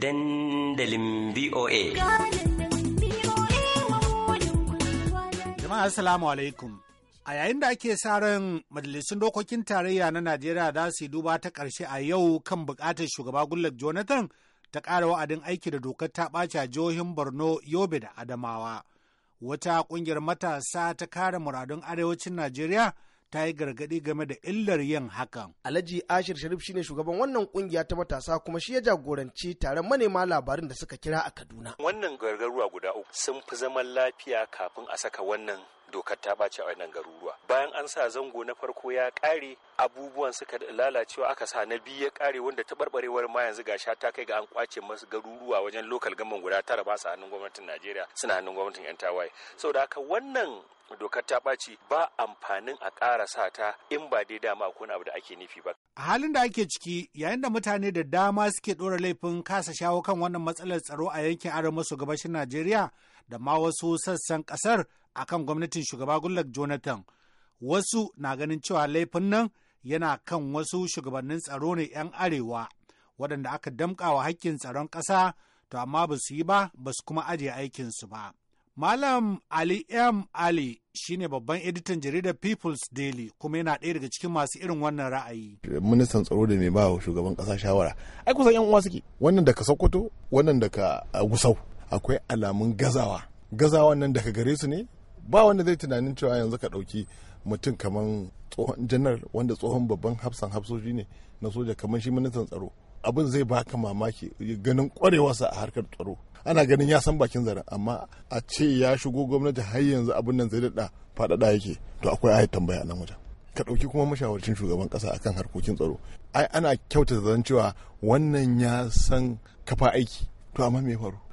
dandalin VOA. Jama'a Assalamu alaikum. A yayin da ake sa ran majalisun dokokin tarayya na Najeriya za su yi duba ta ƙarshe a yau kan buƙatar shugaba gullar Jonathan ta ƙara wa'adin aiki da dokar ta ɓaci a jihohin Borno, Yobe da Adamawa. Wata ƙungiyar matasa ta kare muradun arewacin Najeriya ta yi gargaɗi game da illar yin hakan. Alhaji Ashir Sharif shine shugaban wannan kungiya ta matasa kuma shi ya jagoranci taron manema labarin da suka kira a Kaduna. Wannan gargaruwa guda uku sun fi zaman lafiya kafin a saka wannan dokar ta ɓace a wannan garuruwa bayan an sa zango na farko ya ƙare abubuwan suka lalacewa aka sa na biyu ya ƙare wanda taɓarɓarewar ma yanzu ga sha ta kai ga an kwace masu garuruwa wajen lokal gaman guda tara ba su hannun gwamnatin najeriya suna hannun gwamnatin yan tawaye saboda haka wannan dokar ta ɓaci ba amfanin a ƙara sa ta in ba dai dama ko abu da ake nufi ba. A halin da ake ciki yayin da mutane da dama suke ɗora laifin kasa shawo kan wannan matsalar tsaro a yankin arewa maso gabashin Najeriya da ma wasu sassan ƙasar a kan gwamnatin shugaba Goodluck Jonathan. Wasu na ganin cewa laifin nan yana kan wasu shugabannin tsaro ne 'yan arewa waɗanda aka damƙawa hakkin tsaron ƙasa to amma ba su yi ba ba su kuma ajiye aikinsu ba. Malam Ali M. Ali shine babban editan jaridar People's Daily kuma yana ɗaya daga cikin masu irin wannan ra'ayi. Ministan tsaro da mai ba shugaban ƙasa shawara. Ai kusan 'yan uwa suke. Wannan daga Sokoto, wannan daga uh, Gusau. Akwai alamun gazawa. Gazawan nan daga gare su ne, ba wanda zai tunanin cewa yanzu ka ɗauki mutum kamar janar wanda tsohon babban hafsan hafsoshi ne na soja kamar shi ministan tsaro abin zai baka mamaki ganin kwarewarsa a harkar tsaro ana ganin ya san bakin zaren amma a ce ya shigo gwamnati har yanzu abin nan zai daɗa faɗaɗa yake to akwai ayi tambaya nan wajen ka ɗauki kuma mashawarcin shugaban ƙasa akan harkokin tsaro ai ana kyautata zan cewa wannan ya san kafa aiki to amma me faru